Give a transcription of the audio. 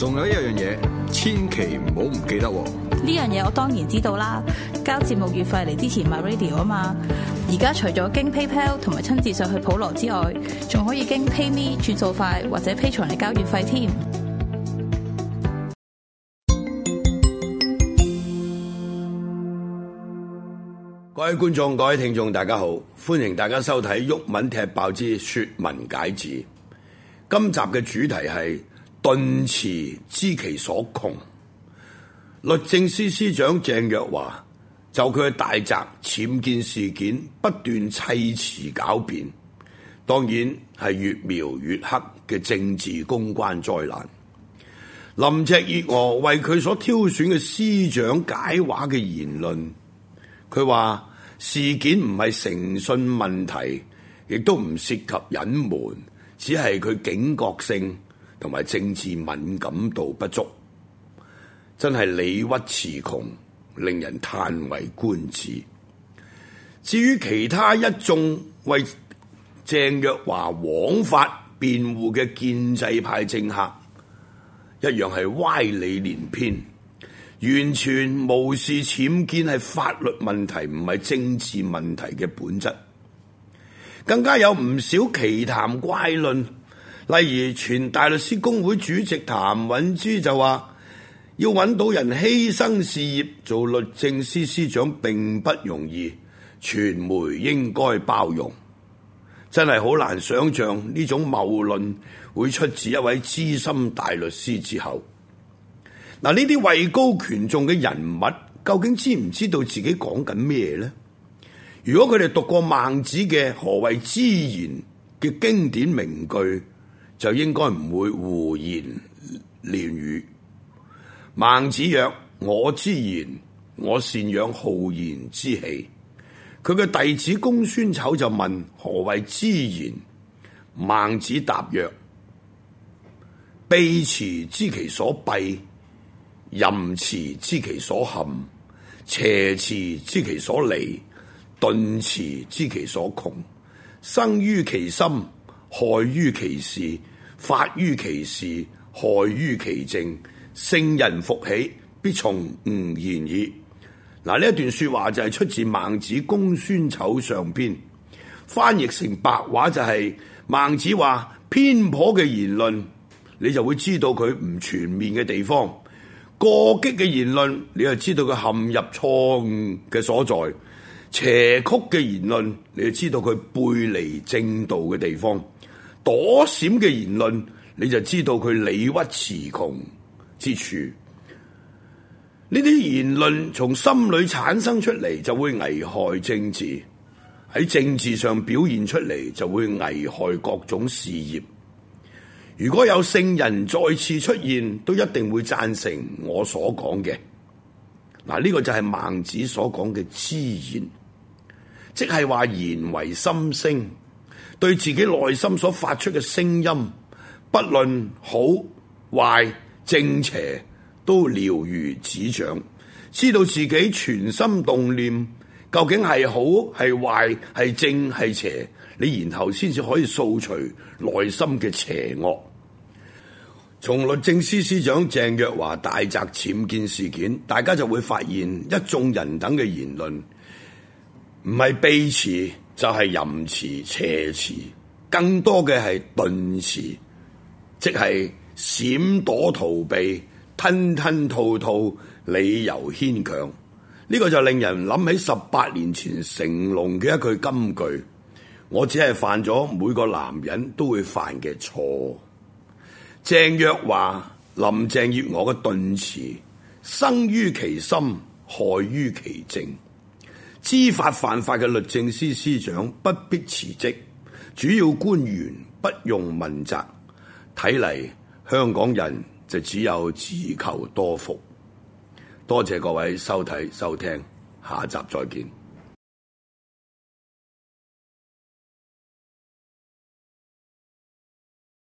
仲有一樣嘢，千祈唔好唔記得。呢樣嘢我當然知道啦，交節目月費嚟之前買 radio 啊嘛。而家除咗經 PayPal 同埋親自上去普羅之外，仲可以經 PayMe 轉數快或者 Pay 傳嚟交月費添。各位觀眾、各位聽眾，大家好，歡迎大家收睇《玉文踢爆之說文解字》。今集嘅主題係遁詞知其所窮，律政司司長鄭若驊就佢嘅大宅僭建事件不斷砌詞狡辯，當然係越描越黑嘅政治公關災難。林鄭月娥為佢所挑選嘅司長解話嘅言論，佢話事件唔係誠信問題，亦都唔涉及隱瞞，只係佢警覺性。同埋政治敏感度不足，真係理屈詞窮，令人嘆為觀止。至於其他一眾為鄭若驊枉法辯護嘅建制派政客，一樣係歪理連篇，完全無視僭建係法律問題，唔係政治問題嘅本質。更加有唔少奇談怪論。例如，前大律師公會主席譚允芝就話：要揾到人犧牲事業做律政司司長並不容易，傳媒應該包容。真係好難想象呢種謬論會出自一位資深大律師之後。嗱，呢啲位高權重嘅人物究竟知唔知道自己講緊咩咧？如果佢哋讀過孟子嘅何謂知言嘅經典名句？就應該唔會胡言亂語。孟子曰：我知言，我善養浩然之氣。佢嘅弟子公孫丑就問：何謂知言？孟子答曰：卑辭知其所弊，淫辭知其所陷，邪辭知其所離，遁辭知其所窮。生於其心，害於其事。法於其事，害於其政。聖人復起，必從吾言矣。嗱，呢一段說話就係出自孟子《公孫丑》上篇，翻譯成白話就係、是、孟子話：偏頗嘅言論，你就會知道佢唔全面嘅地方；過激嘅言論，你就知道佢陷入錯誤嘅所在；邪曲嘅言論，你就知道佢背離正道嘅地方。躲閃嘅言論，你就知道佢理屈詞窮之處。呢啲言論從心裏產生出嚟，就會危害政治；喺政治上表現出嚟，就會危害各種事業。如果有聖人再次出現，都一定會贊成我所講嘅。嗱，呢、這個就係孟子所講嘅知言，即係話言為心聲。對自己內心所發出嘅聲音，不論好壞、正邪，都了如指掌，知道自己全心動念究竟係好係壞係正係邪，你然後先至可以掃除內心嘅邪惡。從律政司司長鄭若驊大宅僭建事件，大家就會發現一眾人等嘅言論唔係遁詞。就係淫詞邪詞，更多嘅係遁詞，即係閃躲逃避、吞吞吐吐、理由牽強。呢個就令人諗起十八年前成龍嘅一句金句：我只係犯咗每個男人都會犯嘅錯。鄭若驊、林鄭月娥嘅遁詞，生於其心，害於其政。知法犯法嘅律政司司長不必辭職，主要官員不用問責。睇嚟香港人就只有自求多福。多謝各位收睇收聽，下集再見。